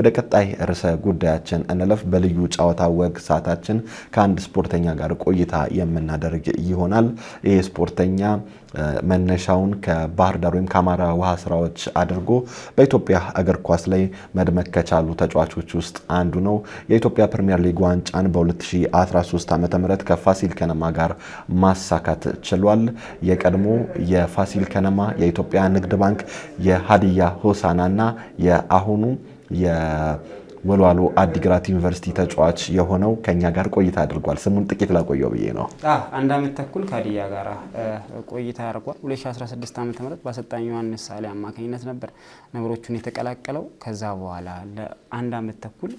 ወደ ቀጣይ ርዕሰ ጉዳያችን እንለፍ። በልዩ ጨዋታ ወግ ሰዓታችን ከአንድ ስፖርተኛ ጋር ቆይታ የምናደርግ ይሆናል። ይህ ስፖርተኛ መነሻውን ከባህር ዳር ወይም ከአማራ ውሃ ስራዎች አድርጎ በኢትዮጵያ እግር ኳስ ላይ መድመቅ ከቻሉ ተጫዋቾች ውስጥ አንዱ ነው። የኢትዮጵያ ፕሪሚየር ሊግ ዋንጫን በ2013 ዓ ም ከፋሲል ከነማ ጋር ማሳካት ችሏል። የቀድሞ የፋሲል ከነማ፣ የኢትዮጵያ ንግድ ባንክ፣ የሀዲያ ሆሳና እና የአሁኑ የወልዋሎ አዲግራት ዩኒቨርሲቲ ተጫዋች የሆነው ከኛ ጋር ቆይታ አድርጓል። ስሙን ጥቂት ላቆየው ብዬ ነው። አንድ ዓመት ተኩል ከሀዲያ ጋር ቆይታ አድርጓል 2016 ዓ ም በአሰልጣኝ ዮሐንስ ሳሌ አማካኝነት ነበር ነገሮቹን የተቀላቀለው። ከዛ በኋላ ለአንድ አመት ተኩል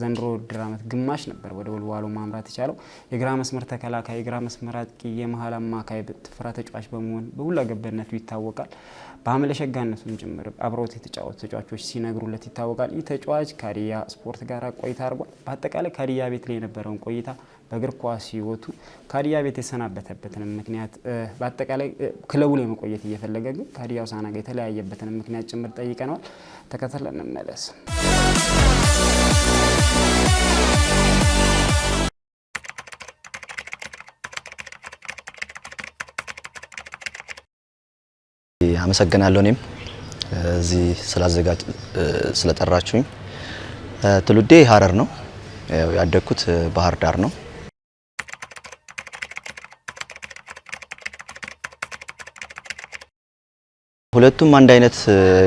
ዘንድሮ ውድድር ዓመት ግማሽ ነበር ወደ ወልዋሎ ማምራት የቻለው። የግራ መስመር ተከላካይ፣ የግራ መስመር አጥቂ፣ የመሀል አማካይ ፍራ ተጫዋች በመሆን በሁላ ይታወቃል። በአምለሸጋነቱም ጭምር አብረውት የተጫወቱ ተጫዋቾች ሲነግሩለት ይታወቃል። ይህ ተጫዋች ሀዲያ ስፖርት ጋር ቆይታ አድርጓል። በአጠቃላይ ሀዲያ ቤት ላይ የነበረውን ቆይታ በእግር ኳስ ሕይወቱ ሀዲያ ቤት የሰናበተበትንም ምክንያት በአጠቃላይ ክለቡ ላይ መቆየት እየፈለገ ግን ከሀዲያ ሆሳዕና ጋር የተለያየበትንም ምክንያት ጭምር ጠይቀነዋል። ተከተለን እንመለስ። አመሰግናለሁ። እኔም እዚህ ስላዘጋጅ ስለጠራችሁኝ። ትውልዴ ሀረር ነው። ያደግኩት ባህር ዳር ነው። ሁለቱም አንድ አይነት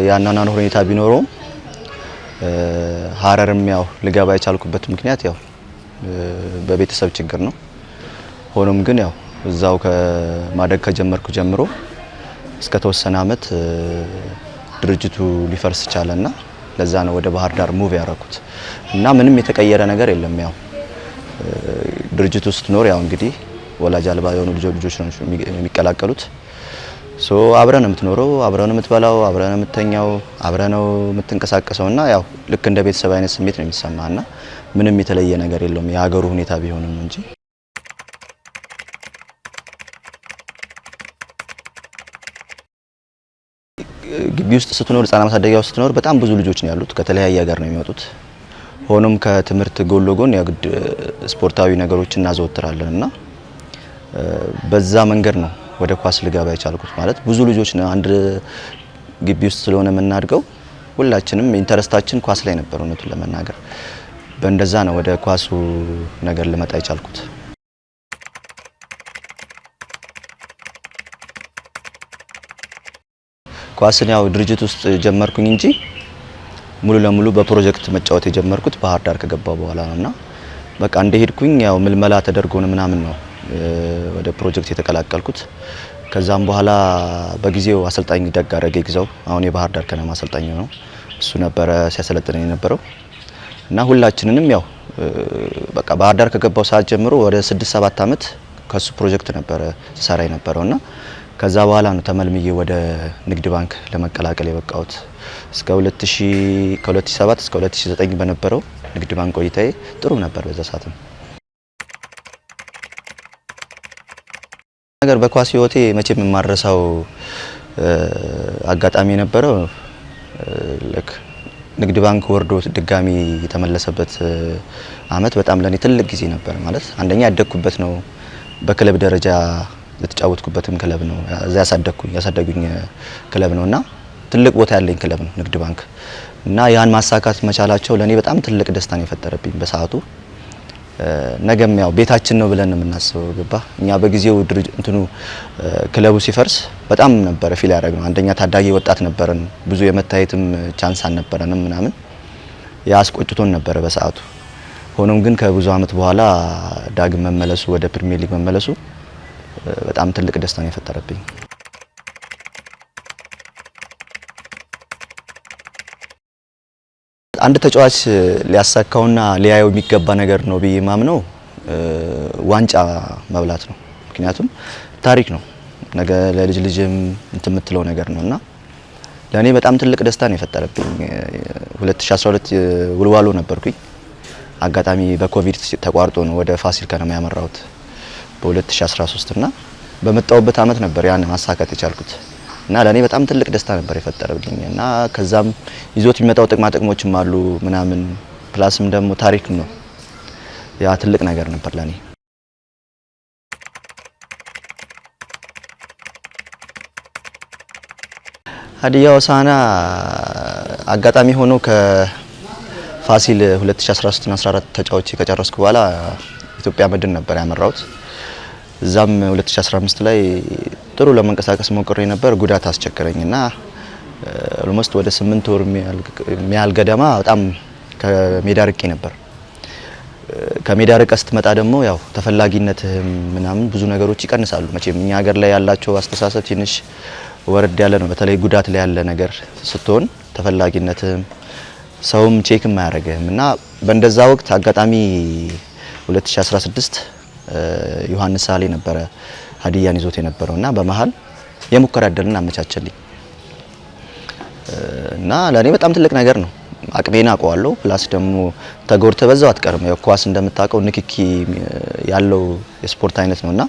የአኗኗር ሁኔታ ቢኖረውም ሀረርም ያው ልገባ የቻልኩበት ምክንያት ያው በቤተሰብ ችግር ነው። ሆኖም ግን ያው እዛው ከማደግ ከጀመርኩ ጀምሮ እስከ ተወሰነ አመት ድርጅቱ ሊፈርስ እና ለዛ ነው ወደ ባህር ዳር ሙቭ ያደረኩት እና ምንም የተቀየረ ነገር የለም። ያው ድርጅቱ ስትኖር ያው እንግዲህ ወላጅ አልባ የሆኑ ልጆች ነው የሚቀላቀሉት። ሶ አብረን የምትኖረው፣ አብረህ ነው የምትበላው፣ አብረን ነው የምትተኛው፣ የምትንቀሳቀሰው እና ያው ልክ እንደ ቤተሰብ አይነት ስሜት ነው የሚሰማና ምንም የተለየ ነገር የለውም የሀገሩ ሁኔታ ቢሆንም እንጂ ግቢ ውስጥ ስትኖር ህጻናት ማሳደጊያ ውስጥ ስትኖር በጣም ብዙ ልጆች ነው ያሉት። ከተለያየ ሀገር ነው የሚመጡት። ሆኖም ከትምህርት ጎን ለጎን ያግድ ስፖርታዊ ነገሮችን እናዘወትራለን እና በዛ መንገድ ነው ወደ ኳስ ልገባ የቻልኩት። ማለት ብዙ ልጆች ነው አንድ ግቢ ውስጥ ስለሆነ የምናድገው ሁላችንም ኢንተረስታችን ኳስ ላይ ነበር እውነቱን ለመናገር በእንደዛ ነው ወደ ኳሱ ነገር ልመጣ የቻልኩት። ኳስን ያው ድርጅት ውስጥ ጀመርኩኝ እንጂ ሙሉ ለሙሉ በፕሮጀክት መጫወት የጀመርኩት ባህር ዳር ከገባው በኋላ ነውና በቃ እንደሄድኩኝ ያው ምልመላ ተደርጎን ምናምን ነው ወደ ፕሮጀክት የተቀላቀልኩት። ከዛም በኋላ በጊዜው አሰልጣኝ ደጋረገ ይግዛው አሁን የባህር ዳር ከነማ አሰልጣኝ ነው። እሱ ነበረ ሲያሰለጥን የነበረው እና ሁላችንንም ያው በቃ ባህር ዳር ከገባው ሰዓት ጀምሮ ወደ ስድስት ሰባት አመት ከሱ ፕሮጀክት ነበረ ስሰራ የነበረውና ከዛ በኋላ ነው ተመልምዬ ወደ ንግድ ባንክ ለመቀላቀል የበቃሁት። እስከ 2000 ከ2007 እስከ 2009 በነበረው ንግድ ባንክ ቆይታዬ ጥሩ ነበር። በዛ ሰዓትም ነገር በኳስ ህይወቴ መቼም የማረሳው አጋጣሚ የነበረው ልክ ንግድ ባንክ ወርዶ ድጋሚ የተመለሰበት አመት በጣም ለኔ ትልቅ ጊዜ ነበር። ማለት አንደኛ ያደግኩበት ነው በክለብ ደረጃ የተጫወትኩበትም ክለብ ነው። እዛ ያሳደግኩኝ ያሳደጉኝ ክለብ ነው እና ትልቅ ቦታ ያለኝ ክለብ ነው ንግድ ባንክ እና ያን ማሳካት መቻላቸው ለእኔ በጣም ትልቅ ደስታን የፈጠረብኝ በሰዓቱ። ነገም ያው ቤታችን ነው ብለን የምናስበው ገባ። እኛ በጊዜው እንትኑ ክለቡ ሲፈርስ በጣም ነበረ ፊል ያደረግ ነው። አንደኛ ታዳጊ ወጣት ነበረን፣ ብዙ የመታየትም ቻንስ አልነበረንም ምናምን ያስቆጭቶን ነበረ በሰዓቱ። ሆኖም ግን ከብዙ አመት በኋላ ዳግም መመለሱ ወደ ፕሪሚየር ሊግ መመለሱ በጣም ትልቅ ደስታ ነው የፈጠረብኝ። አንድ ተጫዋች ሊያሳካውና ሊያየው የሚገባ ነገር ነው ብዬ ማምነው ዋንጫ መብላት ነው። ምክንያቱም ታሪክ ነው፣ ነገ ለልጅ ልጅም እንትን የምትለው ነገር ነው እና ለእኔ በጣም ትልቅ ደስታ ነው የፈጠረብኝ። 2012 ውልዋሎ ነበርኩኝ። አጋጣሚ በኮቪድ ተቋርጦ ነው ወደ ፋሲል ከነማ ያመራሁት። በ2013 እና በመጣውበት አመት ነበር ያን ማሳካት የቻልኩት እና ለኔ በጣም ትልቅ ደስታ ነበር የፈጠረብኝ እና ከዛም ይዞት የሚመጣው ጥቅማ ጥቅሞችም አሉ ምናምን ፕላስም ደግሞ ታሪክም ነው። ያ ትልቅ ነገር ነበር ለኔ ሀዲያ ሆሳዕና አጋጣሚ ሆኖ ከፋሲል 2013 14 ተጫዋቾች ከጨረስኩ በኋላ ኢትዮጵያ መድን ነበር ያመራሁት። እዛም 2015 ላይ ጥሩ ለመንቀሳቀስ ሞክሬ ነበር። ጉዳት አስቸገረኝና ኦልሞስት ወደ 8 ወር የሚያህል ገደማ በጣም ከሜዳ ርቄ ነበር። ከሜዳ ርቀህ ስትመጣ ደግሞ ያው ተፈላጊነትህም ምናምን ብዙ ነገሮች ይቀንሳሉ። መቼም እኛ ሀገር ላይ ያላቸው አስተሳሰብ ትንሽ ወረድ ያለ ነው። በተለይ ጉዳት ላይ ያለ ነገር ስትሆን ተፈላጊነትህም ሰውም ቼክም አያደርግህም እና በእንደዛ ወቅት አጋጣሚ 2016 ዮሐንስ ሳሌ ነበረ ሀዲያን ይዞት የነበረው እና በመሀል የሙከራ እድልን አመቻቸልኝ እና ለእኔ በጣም ትልቅ ነገር ነው። አቅሜን አውቀዋለሁ። ፕላስ ደግሞ ተጎድተ በዛው አትቀርም። ያው ኳስ እንደምታውቀው ንክኪ ያለው የስፖርት አይነት ነውና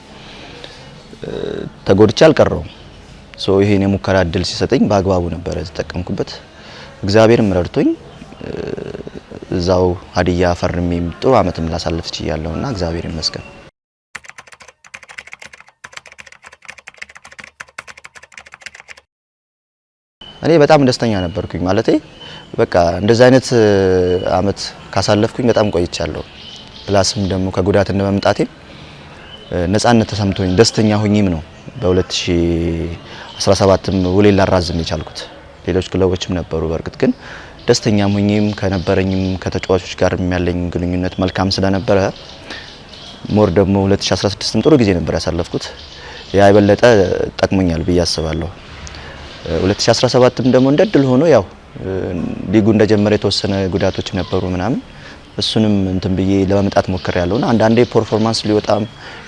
ተጎድቼ አልቀረውም። ሶ ይሄን የሙከራ እድል ሲሰጠኝ በአግባቡ ነበረ የተጠቀምኩበት። እግዚአብሔርም ረድቶኝ እዛው ሀዲያ ፈርሜም ጥሩ አመትም ላሳለፍ ችያለሁና እግዚአብሔር ይመስገን። እኔ በጣም ደስተኛ ነበርኩኝ። ማለቴ በቃ እንደዚህ አይነት አመት ካሳለፍኩኝ በጣም ቆይቻለሁ። ፕላስም ደግሞ ከጉዳት እንደመምጣቴ ነጻነት ተሰምቶኝ ደስተኛ ሁኝም ነው በ2017ም ውሌ ላራዝም የቻልኩት። ሌሎች ክለቦችም ነበሩ በእርግጥ ግን ደስተኛ ሁኝም ከነበረኝም ከተጫዋቾች ጋር የሚያለኝ ግንኙነት መልካም ስለነበረ ሞር ደግሞ 2016ም ጥሩ ጊዜ ነበር ያሳለፍኩት። ያ የበለጠ ጠቅሞኛል ብዬ አስባለሁ። 2017ም ደግሞ እንደድል ሆኖ ያው ሊጉ እንደጀመረ የተወሰነ ጉዳቶች ነበሩ ምናምን እሱንም እንትን ብዬ ለመምጣት ሞክር ያለውና አንዳንዴ ፐርፎርማንስ ሊወጣም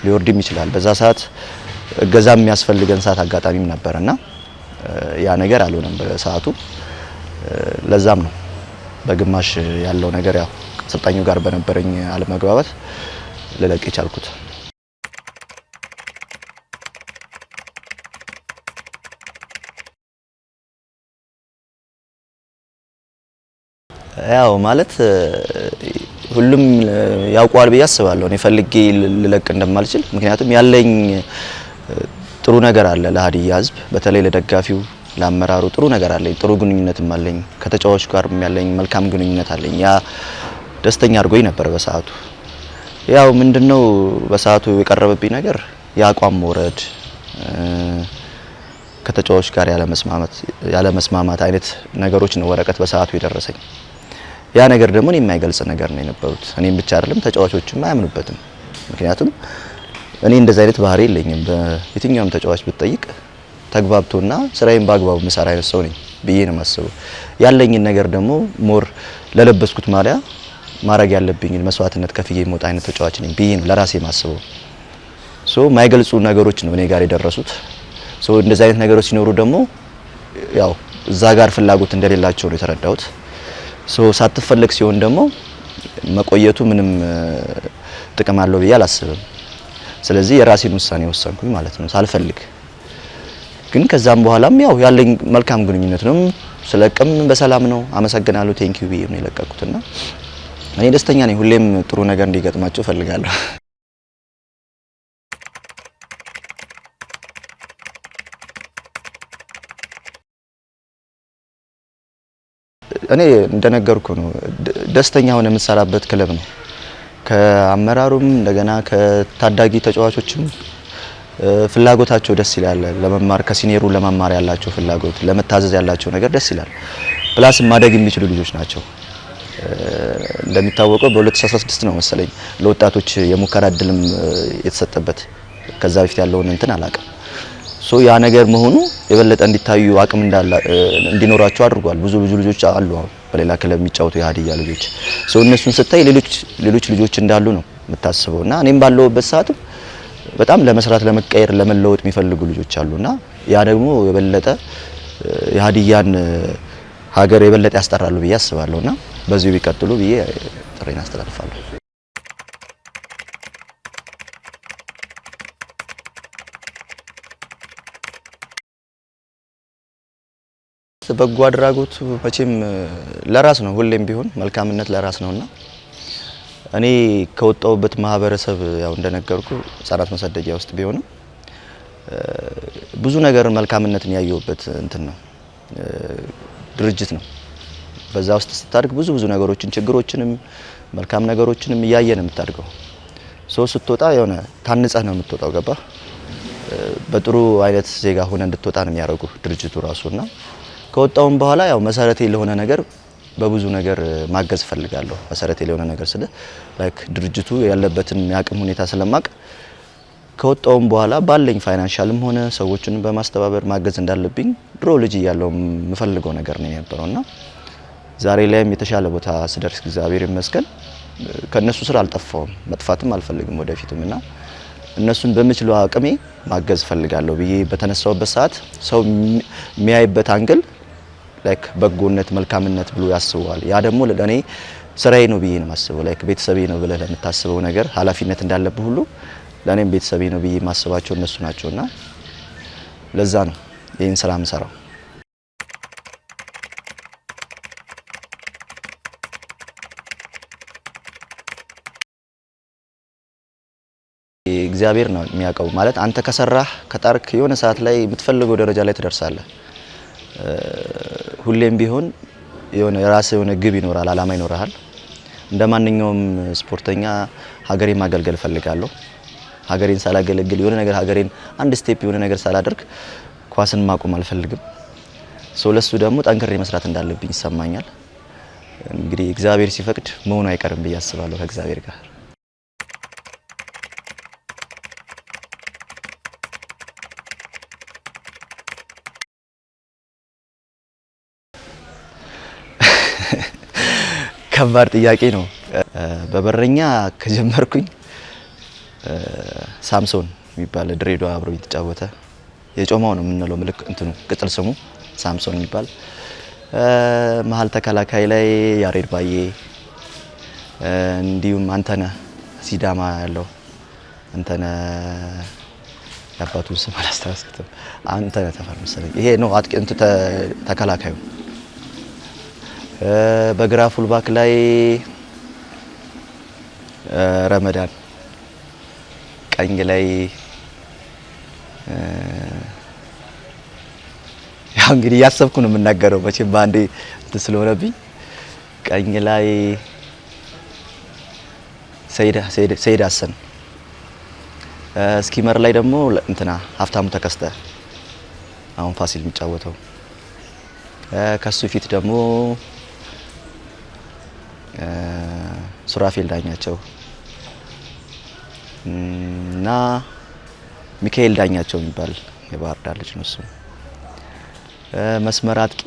ሊወርድም ይችላል። በዛ ሰዓት እገዛ የሚያስፈልገን ሰዓት አጋጣሚም ነበርና ያ ነገር አልሆነም በሰዓቱ። ለዛም ነው በግማሽ ያለው ነገር ያው አሰልጣኙ ጋር በነበረኝ አለመግባባት ልለቅ የቻልኩት። ያው ማለት ሁሉም ያውቋል ብዬ አስባለሁ። እኔ ፈልጌ ልለቅ እንደማልችል ምክንያቱም ያለኝ ጥሩ ነገር አለ ለሀዲያ ህዝብ በተለይ ለደጋፊው ለአመራሩ ጥሩ ነገር አለኝ። ጥሩ ግንኙነትም አለኝ ከተጫዋች ጋር ያለኝ መልካም ግንኙነት አለኝ። ያ ደስተኛ አድርጎኝ ነበር በሰዓቱ። ያው ምንድነው በሰዓቱ የቀረበብኝ ነገር የአቋም መውረድ፣ ከተጫዋች ጋር ያለ ያለመስማማት አይነት ነገሮች ነው ወረቀት በሰዓቱ የደረሰኝ። ያ ነገር ደግሞ እኔ የማይገልጽ ነገር ነው የነበሩት። እኔም ብቻ አይደለም ተጫዋቾችም አያምኑበትም። ምክንያቱም እኔ እንደዚህ አይነት ባህሪ የለኝም። በየትኛውም ተጫዋች ብትጠይቅ ተግባብቶና ስራዬን በአግባቡ ምሰራ አይነት ሰው ነኝ ብዬ ነው የማስበው። ያለኝን ነገር ደግሞ ሞር ለለበስኩት ማሊያ ማድረግ ያለብኝን መስዋዕትነት ከፍዬ የምወጣ አይነት ተጫዋች ነኝ ብዬ ነው ለራሴ የማስበው። ሶ የማይገልጹ ነገሮች ነው እኔ ጋር የደረሱት። ሶ እንደዚህ አይነት ነገሮች ሲኖሩ ደግሞ ያው እዛ ጋር ፍላጎት እንደሌላቸው ነው የተረዳሁት። ሳትፈለግ ሲሆን ደግሞ መቆየቱ ምንም ጥቅም አለው ብዬ አላስብም። ስለዚህ የራሴን ውሳኔ ወሰንኩኝ ማለት ነው ሳልፈልግ። ግን ከዛም በኋላም ያው ያለኝ መልካም ግንኙነት ነው። ስለቅም በሰላም ነው አመሰግናለሁ፣ ቴንኪዩ ብዬ ነው የለቀኩትና እኔ ደስተኛ ነኝ። ሁሌም ጥሩ ነገር እንዲገጥማቸው እፈልጋለሁ። እኔ እንደነገርኩ ነው ደስተኛ ሆነ የምሰራበት ክለብ ነው። ከአመራሩም እንደገና ከታዳጊ ተጫዋቾችም ፍላጎታቸው ደስ ይላል። ለመማር ከሲኒየሩ ለመማር ያላቸው ፍላጎት፣ ለመታዘዝ ያላቸው ነገር ደስ ይላል። ፕላስ ማደግ የሚችሉ ልጆች ናቸው። እንደሚታወቀው በ2016 ነው መሰለኝ ለወጣቶች የሙከራ እድልም የተሰጠበት። ከዛ በፊት ያለውን እንትን አላውቅም። ሶ ያ ነገር መሆኑ የበለጠ እንዲታዩ አቅም እንዲኖራቸው አድርጓል። ብዙ ብዙ ልጆች አሉ አሁን በሌላ ክለብ የሚጫወቱ የሀዲያ ልጆች ሶ እነሱን ስታይ ሌሎች ሌሎች ልጆች እንዳሉ ነው የምታስበው እና እኔም ባለውበት ሰዓት በጣም ለመስራት ለመቀየር፣ ለመለወጥ የሚፈልጉ ልጆች አሉና ያ ደግሞ የበለጠ የሀዲያን ሀገር የበለጠ ያስጠራሉ ብዬ አስባለሁና በዚሁ ቢቀጥሉ ብዬ ጥሬን አስተላልፋለሁ። በጎ አድራጎት መቼም ለራስ ነው፣ ሁሌም ቢሆን መልካምነት ለራስ ነውና እኔ ከወጣሁበት ማህበረሰብ ያው እንደነገርኩ ህጻናት መሰደጊያ ውስጥ ቢሆንም ብዙ ነገር መልካምነትን ያየሁበት እንትን ነው ድርጅት ነው። በዛ ውስጥ ስታድግ ብዙ ብዙ ነገሮችን ችግሮችንም መልካም ነገሮችንም እያየ ነው የምታድገው። ሰው ስትወጣ የሆነ ታንጸህ ነው የምትወጣው። ገባ በጥሩ አይነት ዜጋ ሆነ እንድትወጣ ነው የሚያደርጉ ድርጅቱ ራሱና ከወጣውም በኋላ ያው መሰረቴ ለሆነ ነገር በብዙ ነገር ማገዝ ፈልጋለሁ መሰረቴ ለሆነ ነገር ስለ ላይክ ድርጅቱ ያለበትን የአቅም ሁኔታ ስለማቅ ከወጣውም በኋላ ባለኝ ፋይናንሻልም ሆነ ሰዎችን በማስተባበር ማገዝ እንዳለብኝ ድሮ ልጅ እያለው የምፈልገው ነገር ነው የነበረውና ዛሬ ላይም የተሻለ ቦታ ስደርስ እግዚአብሔር ይመስገን ከእነሱ ስራ አልጠፋውም፣ መጥፋትም አልፈልግም ወደፊትም እና እነሱን በምችለው አቅሜ ማገዝ ፈልጋለሁ ብዬ በተነሳውበት ሰዓት ሰው የሚያይበት አንግል ላይክ በጎነት መልካምነት ብሎ ያስበዋል። ያ ደግሞ ለእኔ ስራዬ ነው ብዬ ነው የማስበው። ላይክ ቤተሰቤ ነው ብለህ ለምታስበው ነገር ኃላፊነት እንዳለብህ ሁሉ ለእኔም ቤተሰቤ ነው ብዬ የማስባቸው እነሱ ናቸውና ለዛ ነው ይህን ስራ የምሰራው። እግዚአብሔር ነው የሚያውቀው። ማለት አንተ ከሰራህ ከጣርክ የሆነ ሰዓት ላይ የምትፈልገው ደረጃ ላይ ትደርሳለህ። ሁሌም ቢሆን የሆነ የራስ የሆነ ግብ ይኖራል፣ አላማ ይኖራል። እንደ ማንኛውም ስፖርተኛ ሀገሬን ማገልገል እፈልጋለሁ። ሀገሬን ሳላገለግል የሆነ ነገር ሀገሬን አንድ ስቴፕ የሆነ ነገር ሳላደርግ ኳስን ማቆም አልፈልግም። ሰው ለሱ ደግሞ ጠንክሬ መስራት እንዳለብኝ ይሰማኛል። እንግዲህ እግዚአብሔር ሲፈቅድ መሆኑ አይቀርም ብዬ አስባለሁ ከእግዚአብሔር ጋር ከባድ ጥያቄ ነው። በበረኛ ከጀመርኩኝ ሳምሶን የሚባል ድሬዳዋ አብሮ የተጫወተ የጮማው ነው የምንለው ምልክ እንትኑ ቅጥል ስሙ ሳምሶን የሚባል መሀል ተከላካይ ላይ ያሬድ ባዬ እንዲሁም አንተነ ሲዳማ ያለው አንተነ የአባቱን ስም አላስታወስኩትም። አንተነ ተፈር መሰለኝ ይሄ ነው ተከላካዩ በግራ ፉልባክ ላይ ረመዳን፣ ቀኝ ላይ ያው እንግዲህ እያሰብኩ ነው የምናገረው መቼም በአንዴ እንትን ስለሆነብኝ ቀኝ ላይ ሰይድ ሀሰን፣ ስኪመር ላይ ደግሞ እንትና ሀብታሙ ተከስተ አሁን ፋሲል የሚጫወተው ከሱ ፊት ደግሞ ሱራፌል ዳኛቸው እና ሚካኤል ዳኛቸው የሚባል የባህር ዳር ልጅ ነው። እሱ መስመር አጥቂ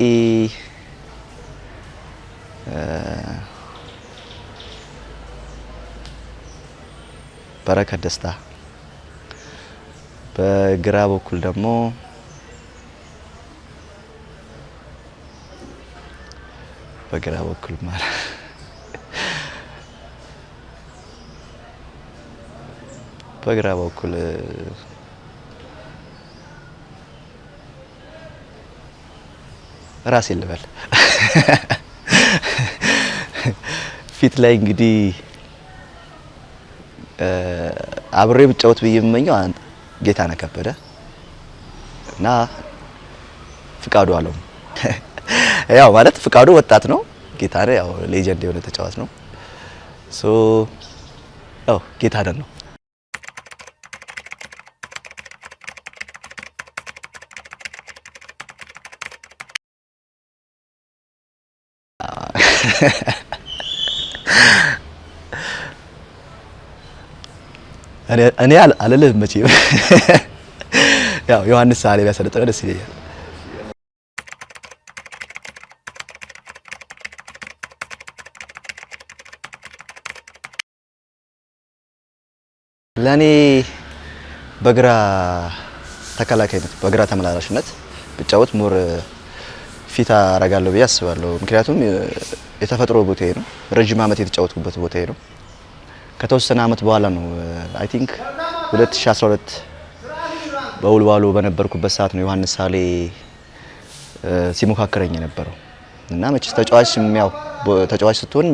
በረከት ደስታ፣ በግራ በኩል ደግሞ በግራ በኩል ማለት በግራ በኩል ራሴ ልበል ፊት ላይ እንግዲህ አብሬ ብጫወት ብዬ የምመኘው ጌታነህ ከበደ እና ፍቃዱ አለሙ። ያው ማለት ፍቃዱ ወጣት ነው፣ ጌታነህ ያው ሌጀንድ የሆነ ተጫዋች ነው። ሶ ያው ጌታነህ ነው። እኔ አልልህም መቼም ያው ዮሐንስ ሳሌ ቢያሰለጥነው ደስ ይለኛል። ለእኔ በግራ ተከላካይነት በግራ ተመላላሽነት ብጫወት ሙር ፊት አረጋለሁ ብዬ አስባለሁ። ምክንያቱም የተፈጥሮ ቦታዬ ነው። ረጅም ዓመት የተጫወትኩበት ቦታዬ ነው። ከተወሰነ ዓመት በኋላ ነው አይ ቲንክ 2012 በውልዋሎ በነበርኩበት ሰዓት ነው ዮሐንስ ሳሌ ሲሞካከረኝ የነበረው እና መቼስ ተጫዋች ያው ተጫዋች ስትሆን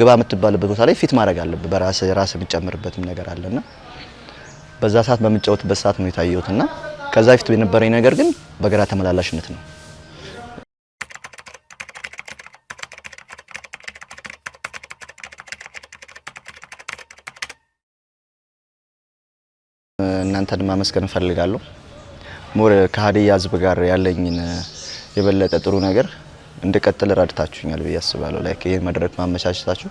ግባ የምትባልበት ቦታ ላይ ፊት ማድረግ አለብህ። በራስ ራስ የምጨምርበትም ነገር አለና በዛ ሰዓት በምጫወትበት ሰዓት ነው እና ከዛ ፊት የነበረኝ ነገር ግን በግራ ተመላላሽነት ነው። እናንተን ማመስገን እፈልጋለሁ። ሞር ከሀዲያ ህዝብ ጋር ያለኝን የበለጠ ጥሩ ነገር እንድቀጥል ረድታችሁኛል ብዬ አስባለሁ። ላይክ ይህን መድረክ ማመቻቸታችሁ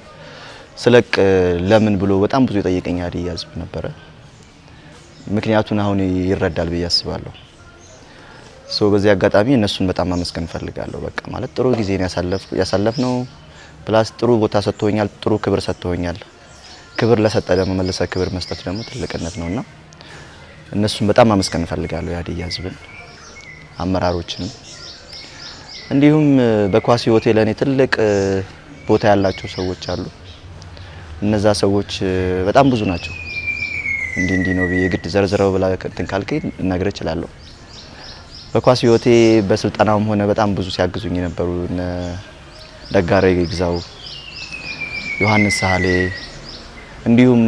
ስለቅ ለምን ብሎ በጣም ብዙ የጠየቀኝ ሀዲያ ህዝብ ነበረ። ምክንያቱን አሁን ይረዳል ብዬ አስባለሁ። ሶ በዚህ አጋጣሚ እነሱን በጣም ማመስገን እፈልጋለሁ። በቃ ማለት ጥሩ ጊዜ ያሳለፍ ነው። ፕላስ ጥሩ ቦታ ሰጥቶኛል፣ ጥሩ ክብር ሰጥቶኛል። ክብር ለሰጠ ደግሞ መለሰ ክብር መስጠት ደግሞ ትልቅነት ነውና እነሱን በጣም ማመስገን እፈልጋለሁ። የሀዲያ ሕዝብን አመራሮችንም፣ እንዲሁም በኳስ ህይወቴ ለእኔ ትልቅ ቦታ ያላቸው ሰዎች አሉ። እነዛ ሰዎች በጣም ብዙ ናቸው። እንዲህ እንዲህ ነው ብዬ ግድ ዘርዝረው ብላ እንትን ካልከኝ ልነግር እችላለሁ። በኳስ ህይወቴ በስልጠናውም ሆነ በጣም ብዙ ሲያግዙኝ የነበሩ ደጋሬ ግዛው፣ ዮሐንስ ሳህሌ እንዲሁም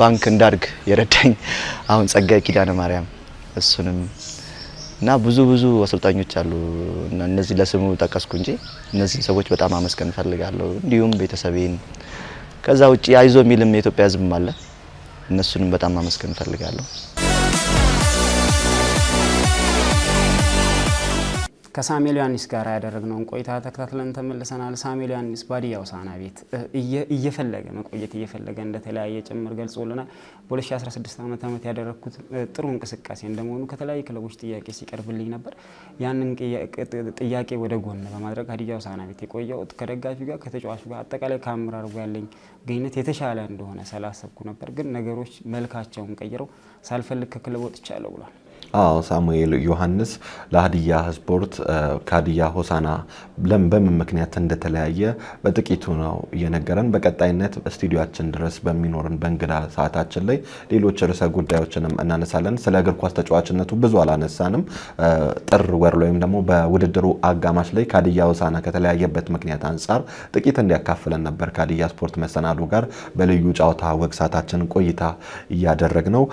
ባንክ እንዳድግ የረዳኝ አሁን ጸጋዬ ኪዳነ ማርያም እሱንም እና ብዙ ብዙ አሰልጣኞች አሉ እና እነዚህ ለስሙ ጠቀስኩ እንጂ እነዚህ ሰዎች በጣም አመስገን ፈልጋለሁ። እንዲሁም ቤተሰቤን ከዛ ውጭ አይዞ የሚልም የኢትዮጵያ ሕዝብም አለ እነሱንም በጣም አመስገን ፈልጋለሁ። ከሳሙኤል ዮሐንስ ጋር ያደረግነውን ቆይታ ተከታትለን ተመልሰናል። ሳሙኤል ዮሐንስ ባዲያ ሆሳዕና ቤት እየፈለገ መቆየት እየፈለገ እንደተለያየ ጭምር ገልጾልናል። በ2016 ዓ ም ያደረግኩት ጥሩ እንቅስቃሴ እንደመሆኑ ከተለያዩ ክለቦች ጥያቄ ሲቀርብልኝ ነበር። ያንን ጥያቄ ወደ ጎን በማድረግ ሀዲያ ሆሳዕና ቤት የቆየሁት ከደጋፊ ጋር ከተጫዋቹ ጋር አጠቃላይ ከአመራር ጋር ያለኝ ግንኙነት የተሻለ እንደሆነ ስላሰብኩ ነበር። ግን ነገሮች መልካቸውን ቀይረው ሳልፈልግ ከክለብ ወጥቻለሁ ብሏል። አዎ ሳሙኤል ዮሐንስ ለሀዲያ ስፖርት ከሀዲያ ሆሳና በምን ምክንያት እንደተለያየ በጥቂቱ ነው እየነገረን። በቀጣይነት ስቱዲዮችን ድረስ በሚኖርን በእንግዳ ሰዓታችን ላይ ሌሎች ርዕሰ ጉዳዮችንም እናነሳለን። ስለ እግር ኳስ ተጫዋችነቱ ብዙ አላነሳንም። ጥር ወር ወይም ደግሞ በውድድሩ አጋማሽ ላይ ከሀዲያ ሆሳና ከተለያየበት ምክንያት አንጻር ጥቂት እንዲያካፍለን ነበር ከሀዲያ ስፖርት መሰናዱ ጋር በልዩ ጨዋታ ወግ ሰዓታችን ቆይታ እያደረግ ነው።